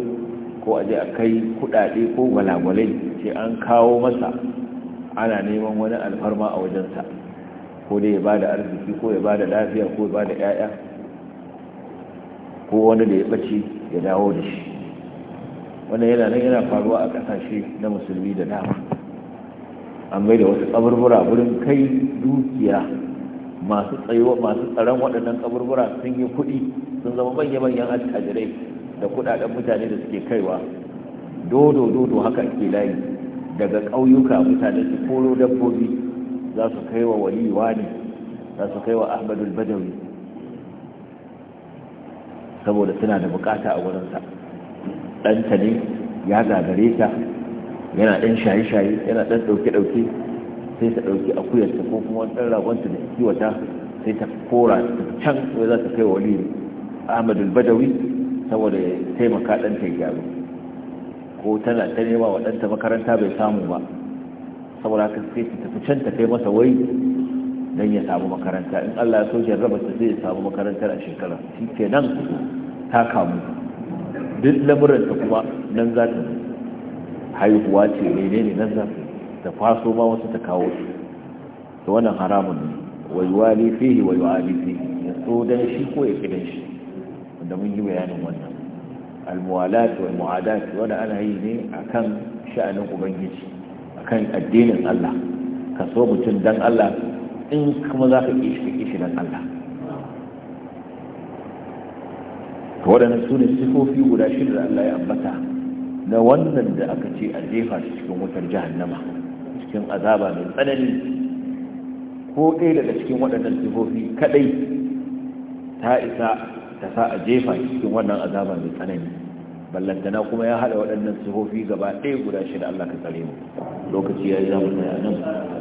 ko a je a kai kudade ko gwalagwalai ce an kawo masa ana neman wani alfarma a wajensa ko dai ya bada arziki ko ya bada lafiya ko ya bada 'ya'ya ko wani da ya ɓace ya dawo da shi wannan yana nan yana faruwa a kasashe na musulmi da dama an mai da wasu kaburbura wurin kai dukiya masu tsayuwa masu tsaron waɗannan kaburbura sun yi kuɗi sun zama manya-manyan attajirai da kudaden mutane da suke kaiwa dodo dodo haka ke layi daga ƙauyuka mutane su koro dabbobi za su kai wa wali wani za su kai wa ahmadul badawi saboda suna da bukata a wurinsa ɗanta ne ya gagare ta yana ɗan shaye-shaye yana ɗan ɗauke-ɗauke sai ta ɗauki akuyarta ko kuma ɗan ragonta da kiwata sai ta kora can wai za ta kai wa wali ahmadul badawi saboda ya taimaka ɗanta gyaru ko tana ta nema wa ɗanta makaranta bai samu ba saboda haka sai ta tafi can ta kai masa wai don ya samu makaranta in Allah ya so ta zai samu makarantar a shekara shi ke nan ta kamu duk lamuranta kuma nan za ta haihuwa ce ne ne nan za ta faso ma wasu ta kawo su ta wannan haramun ne wai wali fihi wai wali fihi ya so dan shi ko ya fi shi da mun yi bayanin wannan almuwalat wal mu'adat wanda ana yi ne akan sha'anin ubangiji akan addinin Allah ka so mutum dan Allah in kuma za ka kishi shi dan Allah to waɗannan su sifofi guda shida da Allah ya ambata na wannan da aka ce a jefa shi cikin wutar jahannama cikin azaba mai tsanani ko ɗaya daga cikin waɗannan sifofi kaɗai ta isa ta sa a jefa cikin wannan azaba mai tsanani ballantana kuma ya hada waɗannan sihofi gaba ɗaya guda shida Allah ka tsare mu lokaci ya yi za mu tsaya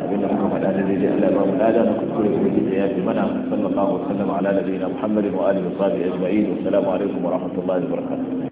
abin da muka faɗa da daidai Allah ba mu lada na kuskure ko da ya fi mana sallallahu alaihi wa sallam ala nabiyina Muhammadin wa alihi wa sahbihi ajma'in wa assalamu alaikum wa rahmatullahi wa barakatuh